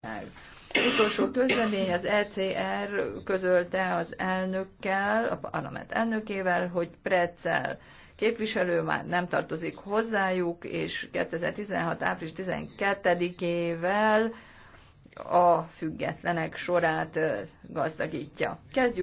Az Utolsó közlemény az ECR közölte az elnökkel, a parlament elnökével, hogy Precel képviselő már nem tartozik hozzájuk, és 2016. április 12-ével a függetlenek sorát gazdagítja. Kezdjük